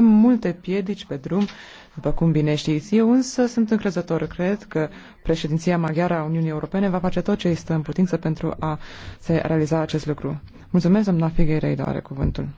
Avem multe piedici pe drum, după cum bine știți. Eu însă sunt încrezător. Cred că președinția maghiară a Uniunii Europene va face tot ce este în putință pentru a se realiza acest lucru. Mulțumesc, doamna Figueiredo, are cuvântul.